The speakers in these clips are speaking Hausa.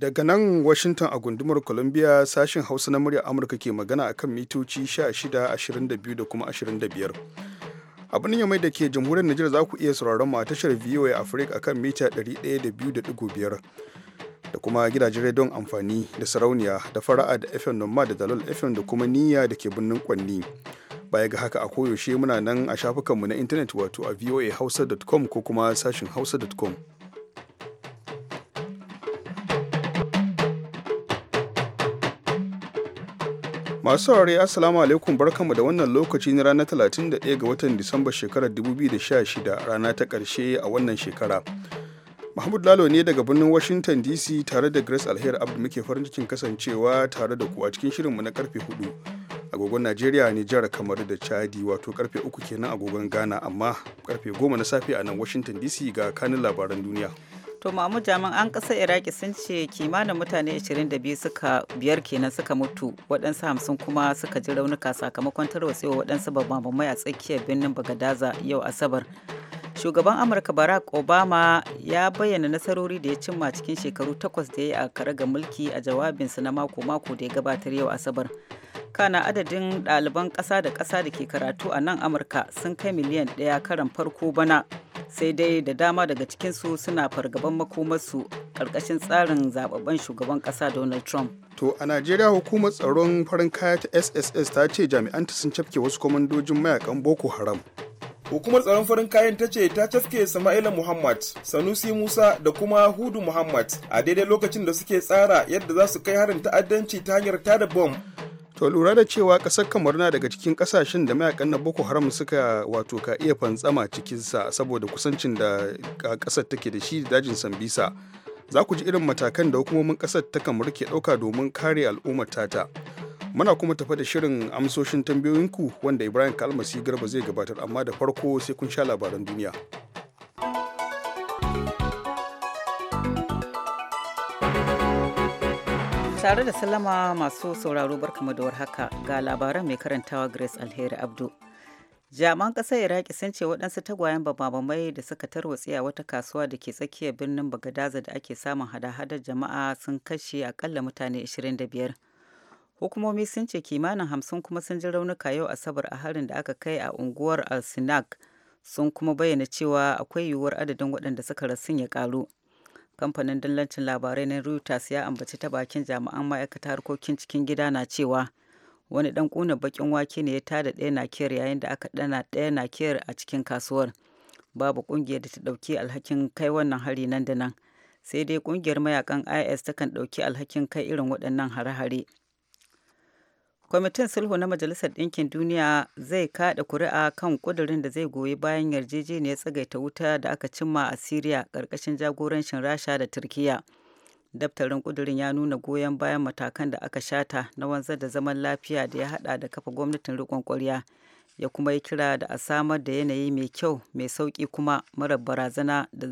Daga nan Washington a gundumar Columbia sashen Hausa na murya Amurka ke magana a kan mitoci 16, 22 da kuma 25. A birnin mai da ke jamhuriyar Nijar za ku iya sauraron ma tashar VOA Africa a kan mita 102.5 da kuma gidajen rediyon amfani da sarauniya da fara'a da FM Noma da Dalol FM da kuma Niyya da ke birnin Kwanni. Baya ga haka a koyaushe muna nan a shafukanmu na intanet wato a voahausa.com ko kuma sashin hausa.com. Masu saurari Assalamu alaikum barkanmu da wannan lokaci na ranar 31 ga watan Disamba shekarar 2016 rana ta ƙarshe a wannan shekara. Mahmud Lalo ne daga birnin Washington DC tare da Grace Alher Abdu muke farin cikin kasancewa tare da ku a cikin shirinmu na karfe 4. Agogon Najeriya, jihar kamar da Chadi wato karfe 3 kenan agogon Ghana amma karfe 10 na safe a nan Washington DC ga kanin labaran duniya. to mamu jami'an ƙasar iraki sun ce kimanin mutane 22 suka biyar kenan suka mutu waɗansu hamsin kuma suka ji raunuka sakamakon tarwatsewa waɗansu babban mai a tsakiyar birnin bagadaza yau asabar shugaban amurka barack obama ya bayyana nasarori da ya cimma cikin shekaru takwas da ya yi a karaga mulki a jawabinsa na mako-mako da ya gabatar yau asabar kana adadin ɗaliban ƙasa da ƙasa da ke karatu a nan amurka sun kai miliyan ɗaya karan farko bana sai dai da dama daga cikinsu suna fargaban makomarsu karkashin tsarin zababben shugaban kasa donald trump to a najeriya hukumar tsaron farin kaya ta sss ta ce jami'an ta sun cafke wasu kwamandojin mayakan boko haram hukumar tsaron farin kayan ta ce ta cafke sama'ila muhammad sanusi musa da kuma hudu muhammad a daidai lokacin da suke tsara yadda za su kai harin ta'addanci ta hanyar tada bom to lura da cewa ƙasar kamar na daga cikin ƙasashen da mayakan na boko haram suka wato ka iya fantsama cikin sa saboda kusancin da ƙasar take da shi dajin sambisa za ku ji irin matakan da hukumomin ƙasar ta kamar ke ɗauka domin kare al'ummar tata muna kuma tafa da shirin amsoshin tambayoyinku wanda ibrahim kalmasi garba zai gabatar amma da farko sai kun sha labaran duniya Tare da sallama masu sauraro barkamu da haka ga labaran mai karantawa Grace Alheri Abdu. Jaman ƙasar Iraki sun ce waɗansu tagwayen babamai da suka tarwatse a wata kasuwa da ke tsakiyar birnin Bagadaza da ake samun hada-hadar jama'a sun kashe akalla mutane 25. Hukumomi sun ce kimanin hamsin kuma sun ji raunuka yau Asabar a harin da aka kai a unguwar Al-Sinak sun kuma bayyana cewa akwai yiwuwar adadin waɗanda suka rasu ya ƙaru. kamfanin dillancin labarai na reuters ya ambaci ta bakin jami'an ma'aikata harkokin cikin gida na cewa wani dan kuna bakin wake ne ya tada ɗaya nakiyar yayin da aka dana ɗaya nakiyar a cikin kasuwar babu kungiyar da ta ɗauki alhakin kai wannan hari nan da nan sai dai kungiyar mayakan is ta kan ɗauki alhakin kai irin waɗannan hare-hare kwamitin sulhu na majalisar ɗinkin duniya zai kaɗa kuri'a kan ƙudurin da zai goyi bayan yarjejeniyar tsagaita wuta da aka cimma a siriya ƙarƙashin jagorancin rasha da turkiya daftarin ƙudurin ya nuna goyon bayan matakan da aka shata na wanzar da zaman lafiya da ya haɗa da kafa gwamnatin riƙon ƙwarya ya kuma yi kira da a samar da yanayi mai kyau mai sauƙi kuma mara barazana da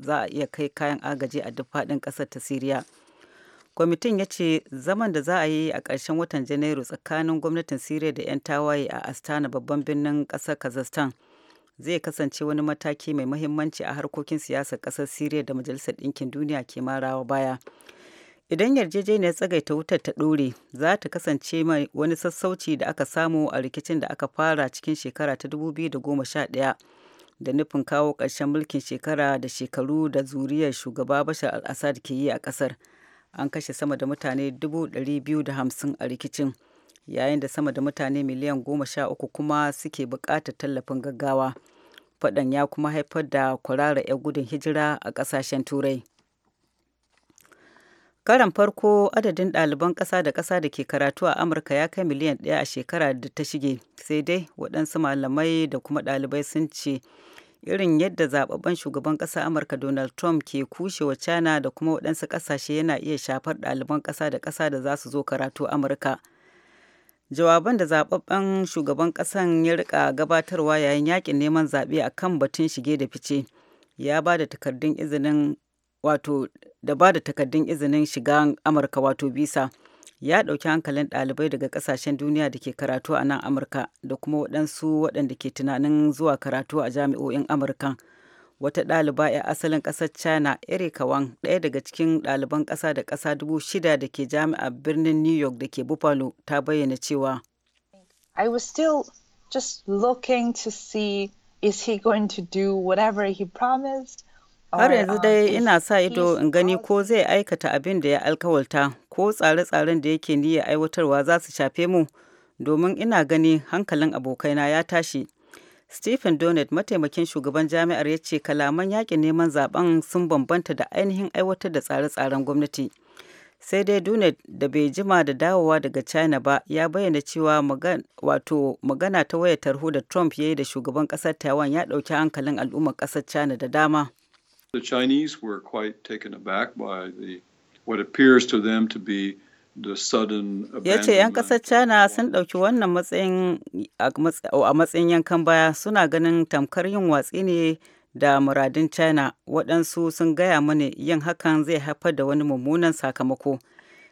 za a iya kai kayan agaji a duk faɗin ƙasar ta siriya kwamitin ya ce zaman da za a yi a ƙarshen watan janairu tsakanin gwamnatin siriya da 'yan tawaye a astana babban birnin ƙasar kazakhstan zai kasance wani mataki mai mahimmanci a harkokin siyasar ƙasar siriya da majalisar ɗinkin duniya ke marawa baya idan yarjejeniyar tsagaita wutar ta ɗore za ta kasance mai wani sassauci da aka samu a rikicin da aka fara cikin shekara ta 2011 da nufin kawo ƙarshen mulkin shekara da shekaru da zuriyar shugaba bashar al ke yi a ƙasar an kashe sama da mutane 250 a rikicin yayin da sama da mutane miliyan 13 kuma suke bukatar tallafin gaggawa faɗan ya kuma haifar da kwarara 'yan gudun hijira a ƙasashen turai karan farko adadin ɗaliban ƙasa da ƙasa da ke karatu a amurka ya kai miliyan ɗaya a shekara da ta shige sai dai waɗansu malamai da kuma ɗalibai sun ce irin yadda zababben shugaban ƙasa amurka donald trump ke kushe wa china da kuma waɗansu ƙasashe yana iya shafar ɗaliban ƙasa da ƙasa da za su zo karatu amurka jawaban da zababben shugaban ƙasan ya rika gabatarwa yayin yakin neman zaɓe a kan batun shige da fice ya ba da takardun izinin wato da ba da takardun izinin shiga amurka wato visa. ya ɗauki hankalin ɗalibai daga ƙasashen duniya da ke karatu a nan amurka da kuma waɗansu waɗanda ke tunanin zuwa karatu a jami'o'in amurka wata ɗaliba 'ya asalin ƙasar china erika wang ɗaya daga cikin ɗaliban ƙasa da ƙasa dubu shida da ke jami'a birnin new york da ke buffalo ta bayyana cewa i was still just looking to see is he going to do whatever he promised Har yanzu dai ina sa ido in gani ko zai aikata abin da ya alkawalta ko tsare-tsaren da yake niyya aiwatarwa za su shafe mu domin ina gani hankalin abokaina ya tashi. Stephen Donald mataimakin shugaban jami'ar ya ce kalaman yakin neman zaben sun bambanta da ainihin aiwatar da tsare-tsaren gwamnati. Sai dai Donald da bai jima da dawowa daga China ba ya bayyana cewa wato magana ta wayar tarho da Trump ya yi da shugaban kasar Taiwan ya ɗauki hankalin al'ummar kasar China da dama. The Chinese were quite taken aback by the what appears to them to be the sudden Ya ce 'yan ƙasar China sun ɗauki wannan matsayin a matsayin yankan baya suna ganin tamkar yin watsi ne da muradin China waɗansu sun gaya mani yin hakan zai haifar da wani mummunan sakamako.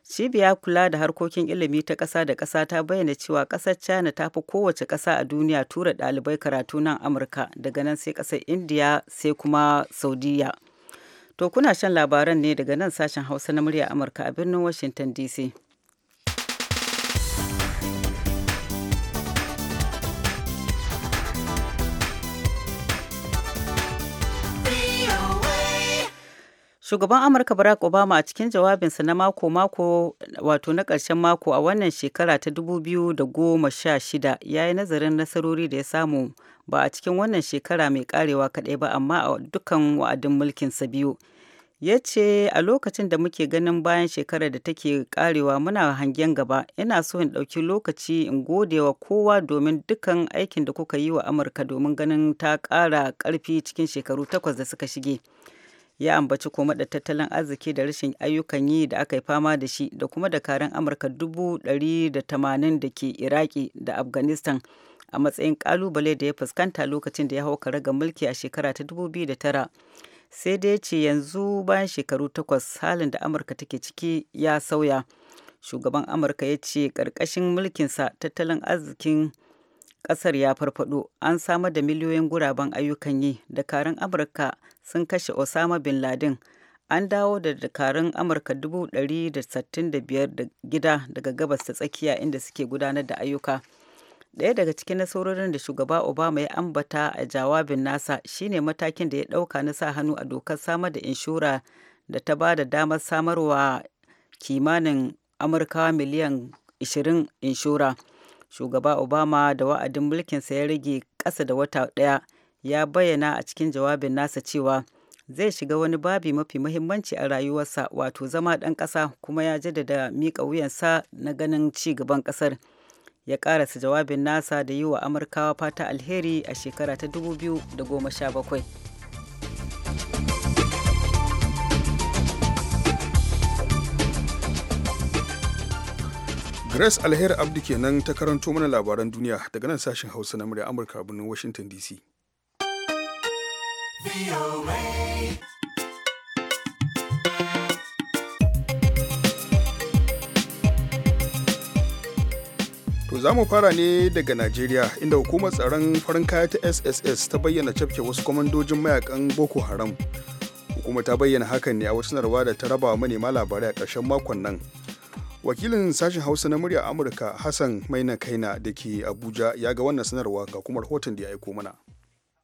Cibiya, kula da harkokin ilimi ta ƙasa da ƙasa ta bayyana cewa ƙasar China ta fi kowace ƙasa a duniya tura ɗalibai karatu nan Amurka daga nan sai ƙasar Indiya sai kuma Saudiya. To kuna shan labaran ne daga nan sashen Hausa na murya Amurka a birnin Washington DC. Shugaban Amurka Barack Obama a cikin jawabinsa na mako-mako wato na ƙarshen mako a wannan shekara ta 2016 ya yi nazarin nasarori da ya samu ba a cikin wannan shekara mai karewa kaɗai ba amma a dukkan wa'adin mulkinsa biyu. Ya ce a lokacin da muke ganin bayan shekarar da take karewa muna hangen gaba ina so in ɗauki lokaci in gode wa kowa domin dukkan aikin da kuka yi wa Amurka domin ganin ta ƙara ƙarfi cikin shekaru takwas da suka shige. ya ambaci koma da tattalin arziki da rashin ayyukan yi da aka yi fama da shi da kuma dakarun amurka dubu ɗari da da ke iraki da afghanistan a matsayin kalubale da ya fuskanta lokacin da ya hau ga mulki a shekara ta 2009 sai dai ce yanzu bayan shekaru takwas halin da amurka take ciki ya sauya shugaban amurka ya ce ƙarƙashin mulkinsa tattalin arzikin kasar ya farfado an samar da miliyoyin guraben ayyukan yi dakarun amurka sun kashe osama bin laden an dawo da dakarun amurka 165 da gida daga gabas ta tsakiya inda suke gudanar da ayyuka ɗaya daga cikin nasarorin da shugaba obama ya ambata a jawabin nasa shine matakin da ya ɗauka na sa hannu a dokar samar da inshora da ta ba da damar samarwa kimanin amurkawa miliyan 20 inshura shugaba obama da wa'adin mulkinsa ya rage ƙasa da wata ɗaya ya bayyana a cikin jawabin nasa cewa zai shiga wani babi mafi mahimmanci a rayuwarsa wato zama ɗan ƙasa kuma ya jaddada miƙa wuyansa na ganin ci gaban ƙasar ya ƙarasa jawabin nasa da yi wa amurkawa fata alheri a shekara ta 2017 Grace Alheri Abdi kenan ta karanto mana labaran duniya daga nan sashen Hausa na murya Amurka a birnin Washington DC. To za mu fara ne daga Najeriya inda hukumar tsaron farin kaya ta SSS ta bayyana cafke wasu kwamandojin mayakan Boko Haram. Hukumar ta bayyana hakan ne a wasu sanarwa da ta raba manema labarai a ƙarshen makon nan. wakilin sashen hausa na murya amurka hassan maina kaina da ke abuja ya ga wannan sanarwa ga kuma rahoton da ya aiko mana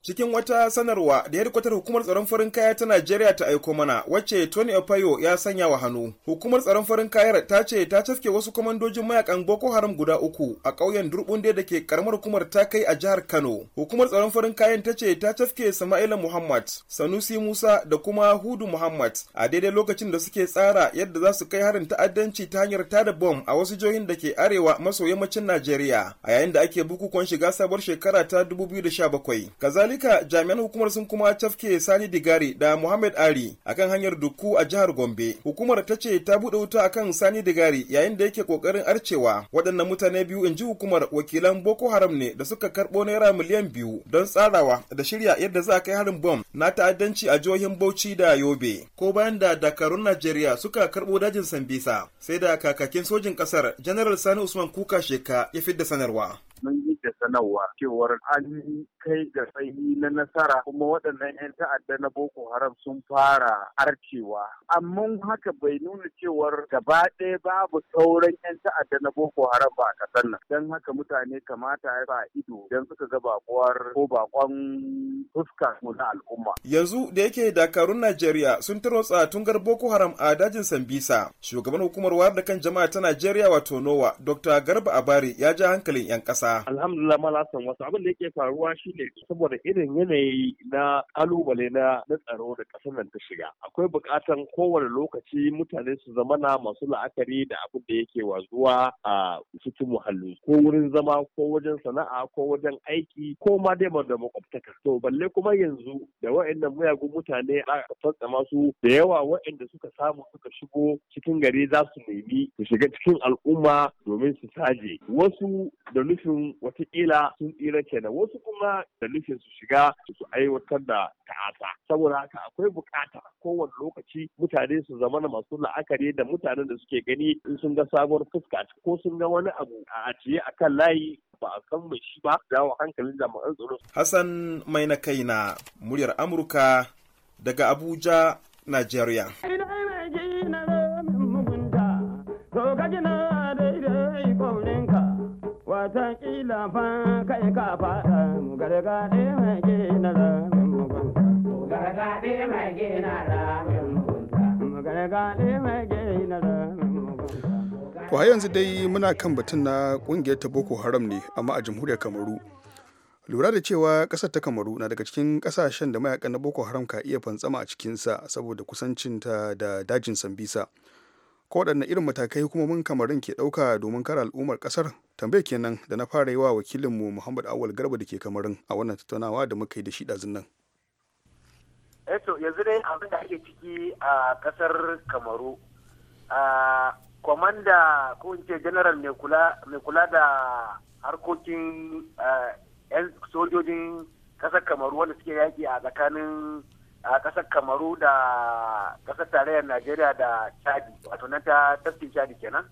cikin wata sanarwa da hedkwatar hukumar tsaron farin kaya ta Najeriya ta aiko mana wacce Tony Opayo ya sanya wa hannu. Hukumar tsaron farin kayar ta ce ta cafke wasu kwamandojin mayakan Boko Haram guda uku a ƙauyen Durbunde da ke karamar hukumar ta kai a jihar Kano. Hukumar tsaron farin kayan ta ce ta cafke Sama'ila Muhammad, Sanusi Musa da kuma Hudu Muhammad a daidai lokacin da suke tsara yadda za su kai harin ta'addanci ta hanyar tada bom a wasu jihohin da ke arewa maso yammacin Najeriya a yayin da ake bukukuwan shiga sabuwar shekara ta 2017. Kazali Amurka jami'an hukumar sun kuma cafke sani digari da muhammad ari akan hanyar dukku a jihar gombe hukumar ta ce ta buɗe wuta akan sani digari yayin da yake kokarin arcewa waɗannan mutane biyu in ji hukumar wakilan boko haram ne da suka karɓo naira miliyan biyu don tsarawa da shirya yadda za a kai harin bom na ta'addanci a jihohin bauchi da yobe ko bayan da dakarun najeriya suka karɓo dajin sambisa sai da kakakin sojin ƙasar janaral sani usman kuka sheka ya fidda sanarwa. da sanarwa cewar an kai ga tsayi na nasara kuma waɗannan 'yan ta'adda na Boko Haram sun fara arcewa. Amma haka bai nuna cewar gaba ɗaya babu sauran 'yan ta'adda na Boko Haram ba a ƙasar nan. Don haka mutane kamata ya ba ido don suka ga bakuwar ko bakon fuska na al'umma. Yanzu da yake dakarun Najeriya sun tarotsa tungar Boko Haram a dajin Sambisa. Shugaban hukumar wayar da kan jama'a ta Najeriya wato NOWA Dr. Garba Abari ya ja hankalin 'yan ƙasa. alhamdulillah ma san wasu abin da yake faruwa shi ne saboda irin yanayi na kalubale na na tsaro da kasar nan ta shiga akwai bukatan kowane lokaci mutane su zama na masu la'akari da abin da yake wazuwa a cikin muhalli ko wurin zama ko wajen sana'a ko wajen aiki ko ma dai da makwabtaka to balle kuma yanzu da wa'annan muyagun mutane a fassama su da yawa wa'anda suka samu suka shigo cikin gari za su nemi su shiga cikin al'umma domin su saje wasu da nufin wata watakila sun tsira kenan wasu kuma da nufin su shiga su aiwatar da ta'asa saboda haka akwai bukata kowane lokaci mutane su zama na masu la'akari da mutanen da suke gani in sun ga sabuwar fuska ko sun ga wani abu a ajiye a kan layi ba a san mai shi ba dawo hankalin jami'an tsaro. Hassan mai na kai na muryar Amurka daga Abuja, Najeriya. kila yanzu dai muna kan batun na kungiyar ta Boko Haram ne amma a jamhuriyar Kamaru. Lura da cewa ƙasar ta Kamaru na daga cikin ƙasashen da mayakan na Boko Haram ka iya fantsama a cikinsa saboda kusancinta da dajin Sambisa. waɗanne irin matakai hukumomin kamarin ke ɗauka domin kare al'ummar ƙasar tambayar kenan da na fara yi wa wakilinmu muhammad awal garba da ke kamarin a wannan tattaunawa da muka yi da shi ɗazun nan eto eh yanzu dai abin da ake ciki a ƙasar kamaru a kwamanda ko in ce general mai kula da harkokin yan eh, sojojin ƙasar kamaru wanda suke yaƙi a tsakanin a ƙasar kamaru da ƙasar tarayyar najeriya da chadi wato nan ta tafkin chadi kenan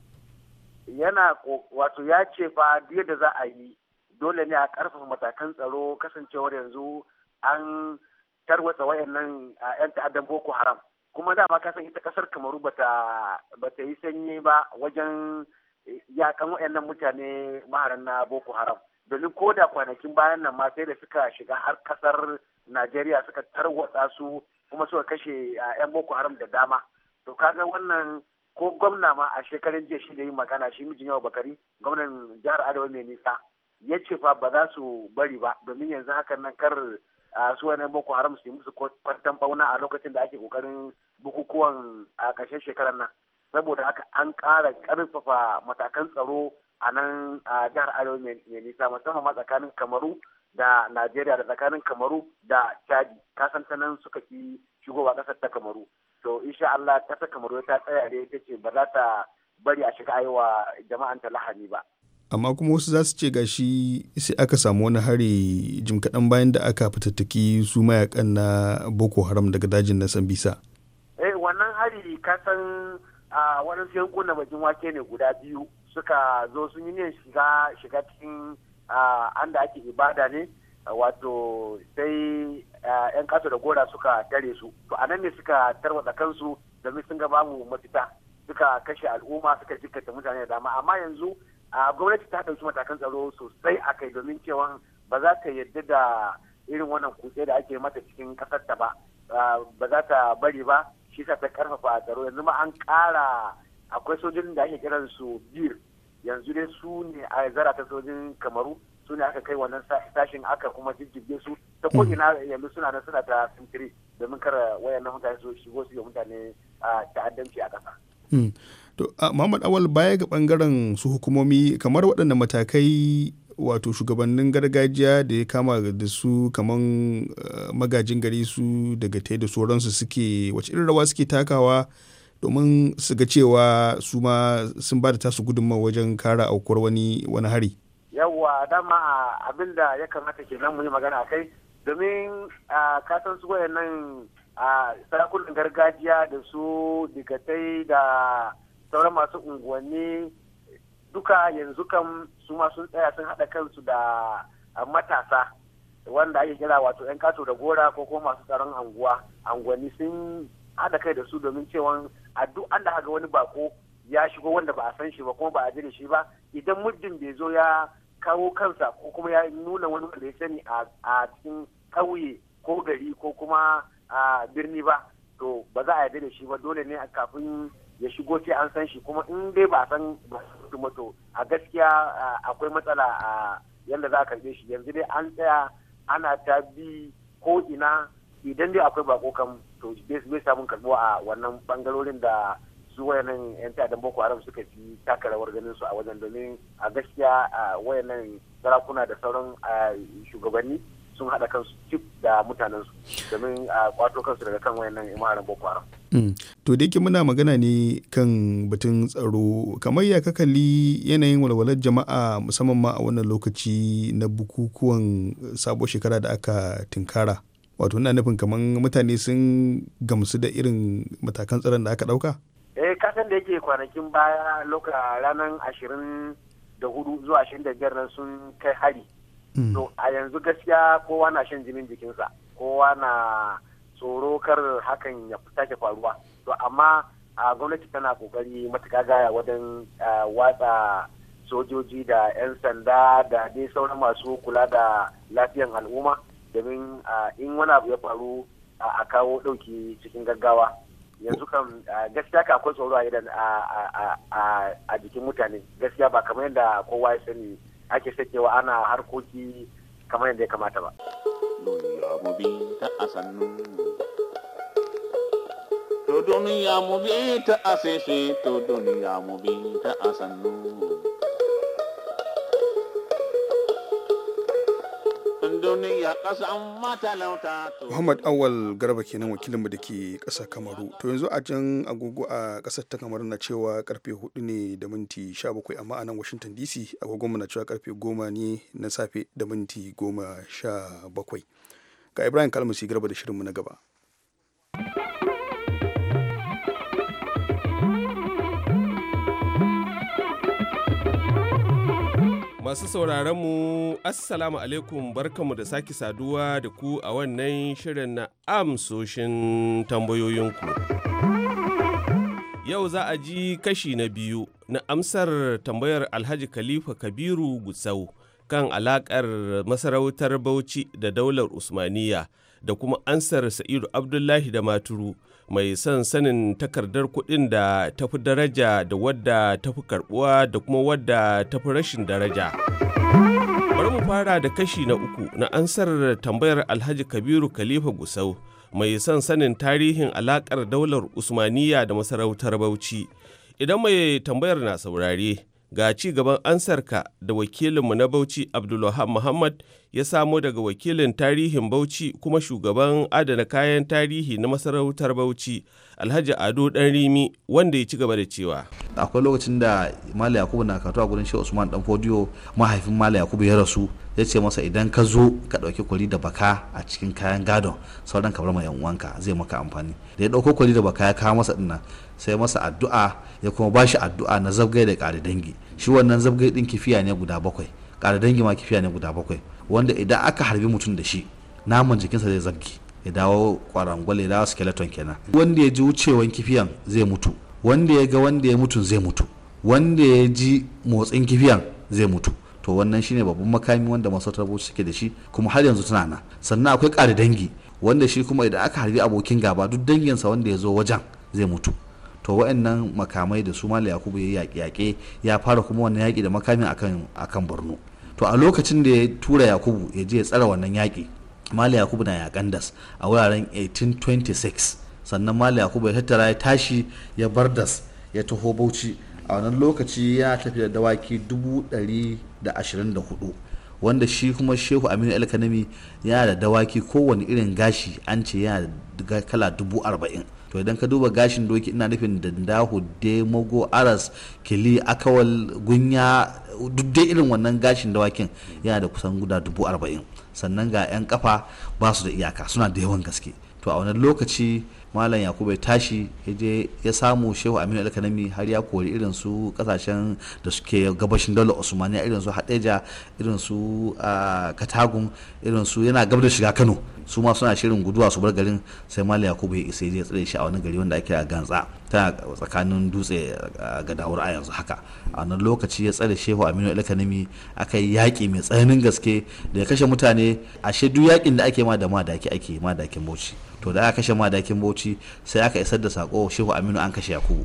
yana wato ya ce fa da za a yi dole ne a ƙarfafa matakan tsaro kasancewar yanzu an tarwatsa wayannan yan ta'addan boko haram kuma dama ka san ita ƙasar kamaru bata bata yi sanyi ba wajen eh, yakan wayannan mutane maharan na boko haram domin ko da kwanakin bayan nan ma sai da suka shiga har kasar najeriya suka tarwatsa su kuma suka kashe yan boko haram da dama to kaga wannan ko gwamna ma a shekarun jiya shi da yin magana shi mijin yawa bakari gwamnan jihar Adawa mai nisa ya ce fa ba za su bari ba domin yanzu hakan nan kar su wani boko haram su yi musu kwantan bauna a lokacin da ake kokarin bukukuwan a ƙarshen shekarar nan saboda haka an ƙara ƙarfafa matakan tsaro a nan a jihar arewa mai nisa musamman ma tsakanin kamaru da najeriya da tsakanin kamaru da chadi kasan ta nan suka fi shigowa kasar ta kamaru to insha allah kasar kamaru ta tsaya da ita ce ba za ta bari a shiga aiwa jama'an ta lahani ba amma kuma wasu za su ce gashi sai aka samu wani hari jim kaɗan bayan da aka fitattaki su mayakan na boko haram daga dajin na bisa eh wannan hari kasan a wani yankunan bakin wake ne guda biyu suka zo sun yi ne shiga cikin an da ake ibada ne wato sai yan kasa da gora suka tare su to anan ne suka tarwatsa kansu domin sun ga mu mafita suka kashe al'umma suka jikkata mutane da dama amma yanzu gwamnati ta ɗauki matakan tsaro sosai a kai domin cewa ba za ta yarda da irin wannan kutse da ake mata cikin ƙasarta ba ba za ta bari ba shi ta ta karfafa tsaro yanzu ma an ƙara akwai sojojin da ake kiran su bir yanzu dai su ne a ta sojin kamaru su ne aka kai wannan sashin aka kuma jijjige su ta ko yanzu suna nan suna ta sintiri domin kar na mutane su shigo su yi mutane a ta'addanci a ƙasa. Hmm. To, Muhammad Awal baya ga bangaren su hukumomi kamar waɗannan matakai wato shugabannin gargajiya da ya kama da su kaman eh, magajin gari su daga ta da sauransu suke wace irin rawa suke takawa domin su ga cewa su ma sun ba da tasu gudunmawa wajen kara aukuwar wani wani hari yawwa dama abin da ya kamata ke mu yi magana a kai domin a san su wayannan sarakunan gargajiya da su digatai da sauran masu unguwanni duka yanzu kam su ma sun tsaya sun haɗa kansu da matasa wanda ake kira wato 'yan kato da gora ko kuma masu tsaron anguwa anguwanni sun haɗa kai da su domin cewa a duk an da haka wani bako ya shigo wanda ba a san shi ba kuma ba a ji shi ba idan muddin bai zo ya kawo kansa ko kuma ya nuna wani wanda ya sani a cikin ƙauye ko gari ko kuma a birni ba to ba za a yarda da shi ba dole ne a kafin ya shigo sai an san shi kuma in dai ba san ba to a gaskiya akwai matsala a yadda za a karbe shi yanzu dai an tsaya ana ta bi ko ina idan dai akwai bako kan to bai samun karbuwa a wannan bangarorin da su wayannan yan ta'addan boko haram suka fi taka rawar ganin su a wajen domin a gaskiya a wayannan sarakuna da sauran shugabanni sun haɗa kansu cif da mutanen su domin a kwato kansu daga kan wayannan imaran boko haram. Mm. to da ke muna magana ne kan batun tsaro kamar ya kakali yanayin walwalar jama'a musamman ma a wannan lokaci na bukukuwan sabuwar shekara da aka tinkara. wato ina nufin kamar mutane sun gamsu da irin matakan tsaron da aka ɗauka? eh kasan da yake kwanakin baya loka ranar ashirin da hudu zuwa ashirin da biyar nan sun kai hari hmm. to a yanzu gaskiya kowa na shan jinin jikinsa kowa na tsoro kar hakan ya ke faruwa to amma a gwamnati tana kokari matuka gaya wajen watsa sojoji da 'yan sanda da dai sauran masu kula da lafiyan al'umma domin in wani abu ya faru a kawo ɗauki cikin gaggawa yanzu kan gaskiya ka akwai tsoro a a jikin mutane gaskiya ba kamar yadda kowa ya sani ake sakewa ana harkoki kamar yadda ya kamata ba. Duniya mu To duniya mu bi ta a to duniya mu bi ta a duniya ƙasan matalauta Muhammad Awal Garba kenan wakilinmu da ke ƙasar Kamaru. To yanzu a can agogo a ƙasar ta Kamaru na cewa karfe 4 ne da minti 17 amma a nan Washington DC agogonmu na cewa karfe 10 ne na safe da minti 17. Ga Ibrahim Kalmusi Garba da shirinmu na gaba. Masu sauraron mu Assalamu alaikum barkanmu da sake saduwa da ku a wannan shirin na amsoshin tambayoyinku. Yau za a ji kashi na biyu na amsar tambayar Alhaji Khalifa Kabiru Gusau kan alaƙar masarautar Bauchi da daular Usmaniyya. da kuma ansar sa'idu abdullahi da maturu mai son sanin takardar kuɗin da tafi daraja da wadda tafi karbuwa da kuma wadda tafi rashin daraja bari mu fara da kashi na uku na ansar tambayar alhaji kabiru khalifa gusau mai son sanin tarihin alakar daular usmaniya da masarautar bauchi idan mai tambayar na saurare ga ci gaban ansarka da wakilinmu na Bauchi Abdulwahab Muhammad ya samo daga wakilin tarihin Bauchi kuma shugaban adana kayan tarihi na masarautar Bauchi Alhaji Ado Dan Rimi wanda ya ci gaba da cewa. Akwai lokacin da Malam Yakubu na karatu a gurin Shehu Usman Dan Fodiyo mahaifin Malam Yakubu ya rasu ya ce masa idan ka zo ka ɗauki kwali da baka a cikin kayan gadon sauran ka bar ma yan uwanka zai maka amfani da ya dauko kwali da baka ya kawo masa dinnan sai masa addu'a ya kuma ba shi addu'a na zabgai da ƙari dangi shi wannan zabgai ɗin kifiya ne guda bakwai ƙari dangi ma kifiya ne guda bakwai wanda idan aka harbi mutum da shi naman jikinsa zai zabgi ya dawo kwarangwal ya dawo skeleton kenan wanda ya ji wucewan kifiyan zai mutu wanda ya ga wanda ya mutu zai mutu wanda ya ji motsin kifiyan zai mutu to wannan shine babban makami wanda masu tarboci suke da shi kuma har yanzu tana nan sannan akwai ƙari dangi wanda shi kuma idan aka harbi abokin gaba duk danginsa wanda ya zo wajen zai mutu to wa'annan makamai da su mali yakubu ya yi yaƙe ya fara kuma wannan yaƙi da makami akan akan borno to a lokacin da ya tura yakubu ya je ya tsara wannan yaƙi mali yakubu na yaƙan das a wuraren 1826 sannan mali yakubu ya tattara ya tashi ya bar das ya taho bauchi a wannan lokaci ya tafi da dawaki 124 wanda shi kuma shehu aminu alkanami yana da dawaki kowane irin gashi an ce yana da kala dubu arba'in to idan ka duba gashin doki ina nufin dandaho demogo aras kili akawal gunya duk dai irin wannan gashin dawakin yana da kusan guda dubu arba'in sannan ga 'yan kafa ba su da iyaka suna da yawan gaske to a wannan lokaci malam yakubu ya tashi je ya samu shehu aminu alkanami har ya kori irin su kasashen da suke gabashin dala usmaniya irin su hadeja irin su ah, katagun irin su yana gab da shiga kano su ma suna shirin guduwa su bar garin sai mali yakubu ya isa ya tsare shi a wani gari wanda ake a gantsa ta tsakanin dutse ga dawur a yanzu haka a wannan lokaci ya tsare shehu aminu alkanimi aka yi yaƙi mai tsananin gaske da ya kashe mutane a shaidu yaƙin da ake ma da madaki ake ma bauchi to da aka kashe madakin bauchi sai aka isar da sako shehu aminu an kashe yakubu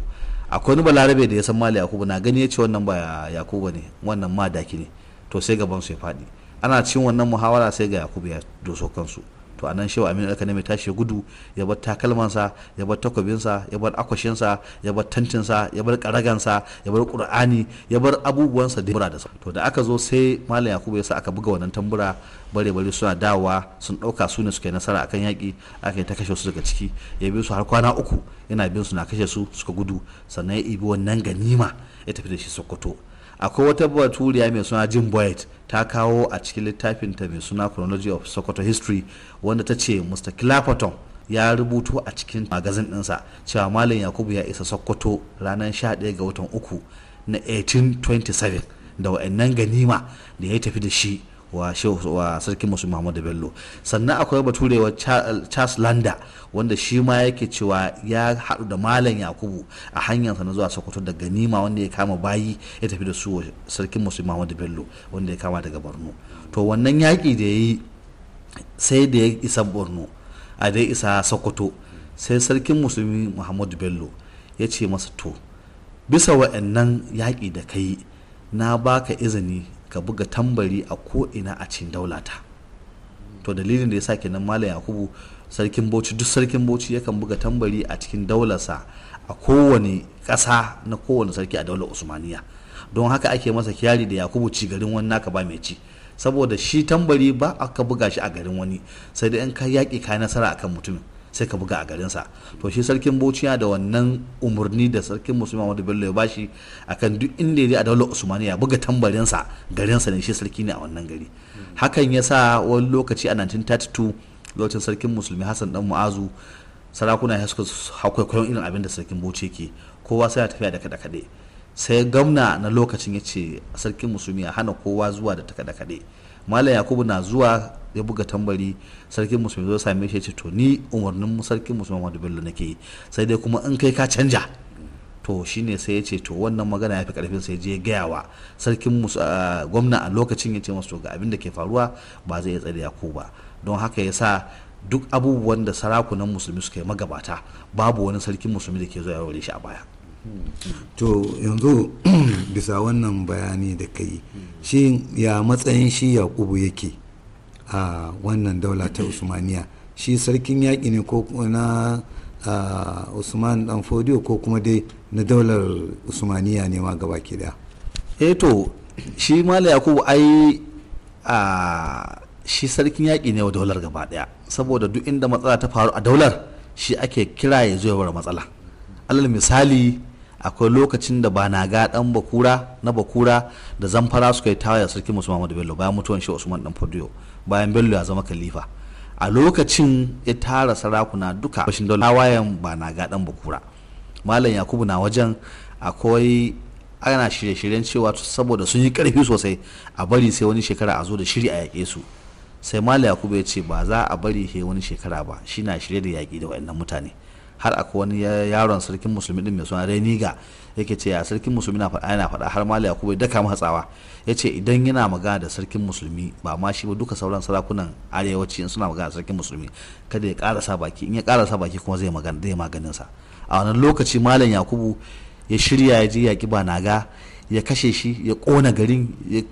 akwai wani balarabe da ya san mali yakubu na gani ya ce wannan ba yakubu ne wannan madaki ne to sai gaban su ya faɗi ana cin wannan muhawara sai ga yakubu ya doso kansu to anan shehu amin mai tashi gudu ya bar takalmansa ya bar takobinsa ya bar akwashinsa ya bar tantinsa ya bar karagansa ya bar qur'ani ya bar abubuwansa da da to da aka zo sai malam yakubu ya sa aka buga wannan tambura bare bare suna dawowa sun dauka su ne suka yi nasara akan yaki aka yi ta kashe su daga ciki ya bi su har kwana uku yana bin su na kashe su suka gudu sannan ya ibi wannan ganima ya tafi da shi sokoto akwai wata baturiya mai suna jim boyd ta kawo a cikin littafin ta mai suna chronology of sokoto history wanda ta ce mr clapperton ya rubuto a cikin magazin ɗinsa cewa malam yakubu ya isa sokoto ranar 11 ga watan uku na 1827 da wa'annan ganima da ya tafi da shi wa wa sarkin musu Muhammadu Bello sannan akwai baturewa Charles Landa wanda shi ma yake cewa ya haɗu da Malam Yakubu a hanyarsa na zuwa Sokoto da ganima wanda ya kama bayi ya tafi da su sarkin musu Muhammadu Bello wanda ya kama daga Borno to wannan yaƙi da ya yi sai da ya isa Borno a da ya isa Sokoto sai sarkin musulmi Muhammadu Bello ya ce masa to bisa wa'annan yaƙi da kai na baka izini ka buga tambari a ko'ina a cikin daulata to dalilin da ya sa kenan malam yakubu sarkin bauchi duk sarkin bauchi yakan buga tambari a cikin daularsa a kowane ƙasa na kowane sarki a daular usmaniya don haka ake masa kyari da yakubu ci garin wani naka ba mai ci saboda shi tambari ba aka buga shi a garin wani sai dai in ka yaƙi ka nasara akan mutumin sai ka buga a garinsa to shi sarkin bociya da wannan umarni da sarkin musulman wadda bello ya bashi a kan duk inda ya a daular ya buga tambarinsa garinsa ne shi sarki ne a wannan gari hakan ya sa wani lokaci a 1932 lokacin sarkin musulmi hassan dan mu'azu sarakuna ya suka hakwai irin abin da sarkin bauchi ke kowa sai ya tafiya da kaɗe kade sai gwamna na lokacin ya ce sarkin musulmi ya hana kowa zuwa da kada kaɗe malam yakubu na zuwa ya buga tambari sarkin musulmi zo same shi ce to ni umarnin sarkin musulmi Muhammadu Bello nake sai dai kuma in kai ka canja to shine sai ya ce to wannan magana ya fi karfin sai je gaya wa sarkin gwamna a lokacin ya ce masu ga abin da ke faruwa ba zai iya tsare yaku ba don haka ya sa duk abubuwan da sarakunan musulmi suka yi magabata babu wani sarkin musulmi da ke zuwa ya shi a baya to yanzu bisa wannan bayani da kai shi ya matsayin shi yakubu yake a wannan daula ta usmaniya shi sarkin yaƙi ne ko na usman dan fodiyo ko kuma dai na daular usmaniya ne ma gaba ke da. Eh to shi mala yakubu ai a shi sarkin yaƙi ne wa daular gaba daya saboda duk inda matsala ta faru a daular shi ake kira ya zo matsala alal misali akwai lokacin da ba na ga dan bakura na bakura da zamfara suka yi tawaya sarki musu mamadu Bello bayan mutuwan shi Usman dan Fodiyo bayan Bello ya zama kalifa a lokacin ya tara sarakuna duka bashin dole tawayen ba na ga dan bakura malam Yakubu na wajen akwai ana shirye-shiryen cewa saboda sun yi karfi sosai a bari sai wani shekara a zo da shiri a yaƙe su sai malam Yakubu ya ce ba za a bari sai wani shekara ba shi na shirye da yaƙi da waɗannan mutane har akwai wani yaron sarkin musulmi din mai suna reniga yake ce ya sarkin musulmi na faɗa yana faɗa har mali yakubu daka matsawa ya ce idan yana magana da sarkin musulmi ba ma shi ba duka sauran sarakunan arewaci suna magana da sarkin musulmi kada ya karasa baki in ya karasa baki kuma zai magana zai maganin sa a wannan lokaci malam yakubu ya shirya ya je yaki ba naga ya kashe shi ya kona garin ya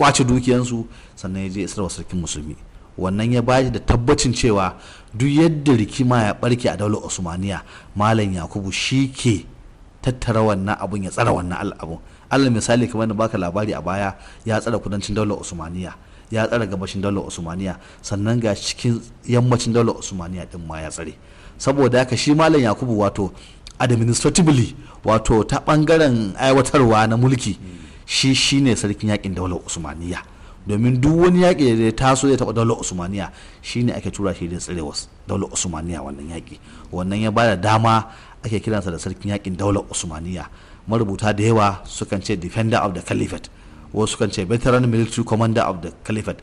kwace dukiyansu sannan ya je isarwa sarkin musulmi wannan ya bashi da tabbacin cewa duk yadda rikima ya barke a daular usmaniya malam yakubu shi ke tattara wannan abun ya tsara wannan al'abun allah misali kamar da baka labari a baya ya tsara kudancin daular usmaniya ya tsara gabashin daular usmaniya sannan ga cikin yammacin daular usmaniya din ma ya tsare saboda haka shi malam yakubu wato administratively wato ta bangaren aiwatarwa na mulki shi shine sarkin yakin daular usmaniya domin duk wani yaƙi da ya taso ya taɓa daular usmaniya shine ake tura shi da tsirewa daular usmaniya wannan yaƙi wannan ya bada dama ake kiransa da sarkin yaƙin daular usmaniya marubuta da yawa sukan ce defender of the caliphate wasu sukan ce veteran military commander of the caliphate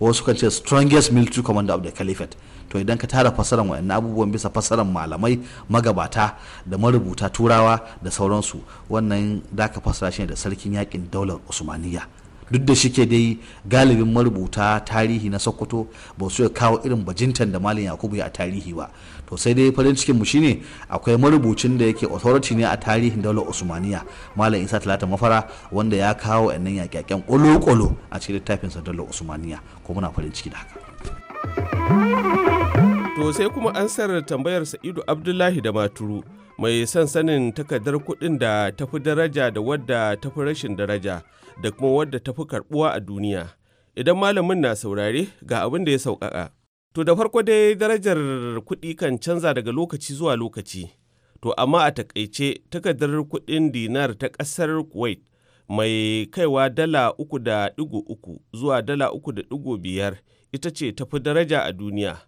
wasu sukan ce strongest military commander of the caliphate to idan ka tara fasaran wa'annan abubuwan bisa fasaran malamai magabata da marubuta turawa da sauransu wannan da ka fasara shi da sarkin yaƙin daular usmaniya duk da shike dai galibin marubuta tarihi na sokoto ba su kawo irin bajintan da malam yakubu ya a tarihi ba to sai dai farin cikin mu shine akwai marubucin da yake authority ne a tarihin daular usmaniya malam isa talata mafara wanda ya kawo wannan yaƙyaƙen ƙolo kwalo a cikin littafinsa daular usmaniya ko muna farin ciki da haka to sai kuma an sarar tambayar sa'idu abdullahi da maturu mai son sanin takardar kuɗin da tafi daraja da wadda tafi rashin daraja da kuma wadda ta fi karbuwa a duniya. Idan malamin na saurare ga abin da ya sauƙaƙa. To da farko dai darajar kuɗi kan canza daga lokaci zuwa lokaci. To amma a takaice takardar kuɗin dinar ta ƙasar Kuwait mai kaiwa dala uku da ɗigo uku zuwa dala uku da ɗigo biyar ita ce tafi daraja a duniya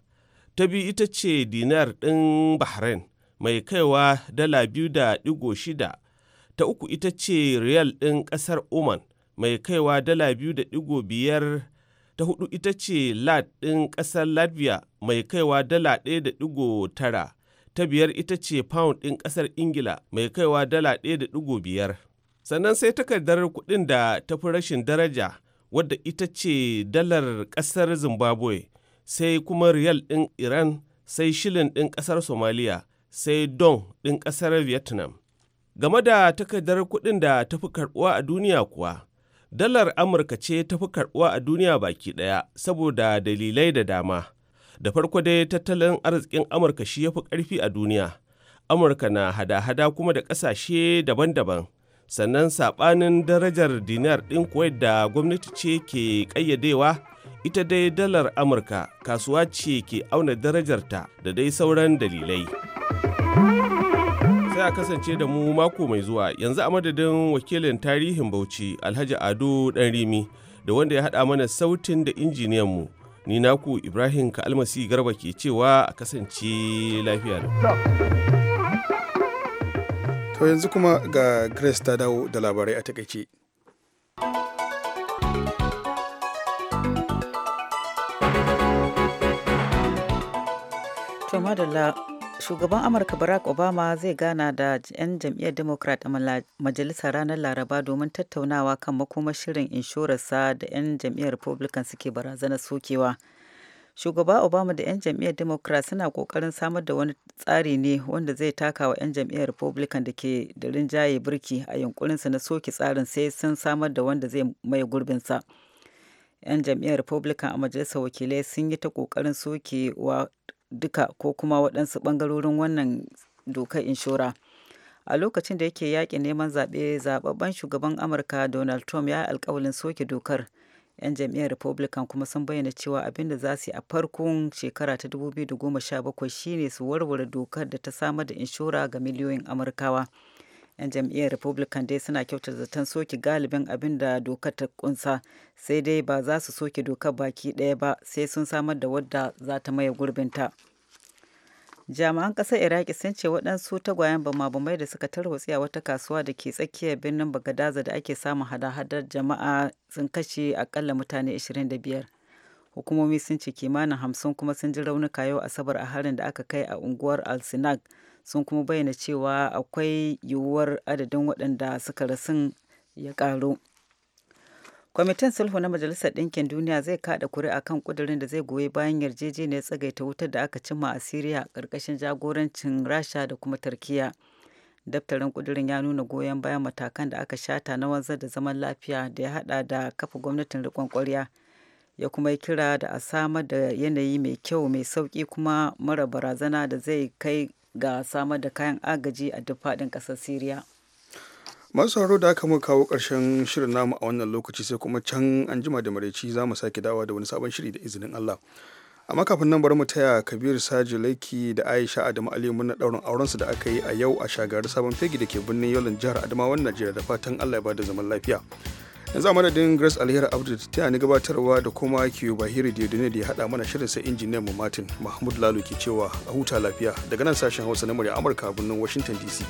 ta biyu ita ce dinar ɗin bahrain mai kaiwa dala biyu da ɗigo shida ta uku ita ce riyal ɗin ƙasar oman mai kaiwa dala biyu da digo biyar ta hudu ita ce lat ɗin ƙasar latvia mai kaiwa dala ɗaya da digo tara ta biyar ita ce pound ɗin ƙasar ingila mai kaiwa dala ɗaya da digo biyar sannan sai takardar kuɗin da ta fi rashin daraja wadda ita ce dalar ƙasar zimbabwe sai kuma riyal ɗin iran sai shilin ɗin ƙasar somaliya sai don ɗin ƙasar vietnam game da takardar kuɗin da ta fi karɓuwa a duniya kuwa dalar amurka ce ta fi karɓuwa a duniya baki ɗaya saboda dalilai da dama da farko dai tattalin arzikin amurka shi ya fi ƙarfi a duniya amurka na hada-hada kuma da ƙasashe daban-daban sannan saɓanin darajar dinar ɗin kuwait da gwamnati ce ke ƙayyadewa ita dai dalar amurka kasuwa ce ke auna darajarta da dai sauran dalilai. sai a kasance da mu mako mai zuwa yanzu a madadin wakilin tarihin bauchi alhaji ado dan rimi da wanda ya hada mana sautin da injiniyan mu ni naku ibrahim kalmasi garba ke cewa a kasance lafiya to yanzu kuma ga grace ta dawo da labarai a takaice to madalla shugaban amurka barack obama zai gana da 'yan jam'iyyar democrat a majalisa ranar laraba domin tattaunawa kan makoma shirin inshorarsa da 'yan jam'iyyar republican suke barazanar sokewa shugaba obama da 'yan jam'iyyar democrat suna kokarin samar da wani tsari ne wanda zai taka wa 'yan jam'iyyar republican da ke da rinjaye birki a yunkurinsa na soke tsarin sai sun samar da wanda zai mai gurbinsa 'yan jam'iyyar republican a majalisar wakilai sun yi ta kokarin soke wa duka ko kuma waɗansu ɓangarorin wannan dokar inshora a lokacin da yake yaƙi neman zaɓe zaɓaɓɓen shugaban amurka donald trump ya yi alkawalin soke dokar 'yan jam'iyyar republican kuma sun bayyana cewa abin da za su yi a farkon shekara ta 2017 shine su warware dokar da ta samar da inshora ga miliyoyin amurkawa 'yan jam'iyyar republican dai suna kyauta zaton soke galibin abin da dokar ta kunsa sai dai ba za su soke dokar baki ɗaya ba sai sun samar da wadda za ta maye gurbinta jami'an ƙasar iraki sun ce waɗansu tagwayen bama-bamai da suka tarwatse a wata kasuwa da ke tsakiyar birnin bagadaza da ake samun hada-hadar jama'a sun kashe akalla mutane 25 hukumomi sun ce kimanin hamsin kuma sun ji raunuka yau asabar a harin da aka kai a unguwar al-sinag sun kuma bayyana cewa akwai yiwuwar adadin waɗanda suka rasun ya ƙaru kwamitin sulhu na majalisar ɗinkin duniya zai kada kuri'a kan kudirin da zai goyi bayan yarjejeniyar tsagaita wutar da aka cimma a siriya ƙarƙashin jagorancin rasha da kuma turkiya daftarin kudirin ya nuna goyon bayan matakan da aka shata na wanzar da zaman lafiya da ya haɗa da kafa gwamnatin riƙon ƙwarya ya kuma yi kira da a samar da yanayi mai kyau mai sauƙi kuma mara barazana da zai kai ga samar da kayan agaji a duk faɗin ƙasar Siriya. masu haro da aka muka kawo ƙarshen shirin namu a wannan lokaci sai kuma can an jima da maraici za mu sake dawa da wani sabon shiri da izinin Allah. amma kafin nan bari mu taya kabir saji laiki da aisha adamu aliyu muna auren aurensu da aka yi a yau a shagari sabon fegi da ke birnin yolin jihar adamawan najeriya da fatan allah ya bada zaman lafiya yanzu a madadin grace alheri abdul ta ni gabatarwa da kuma ke bahiri diodone da ya haɗa mana shirin sai injiniyan mu martin mahmud lalo ke cewa a huta lafiya daga nan sashen hausa na murya amurka birnin washington dc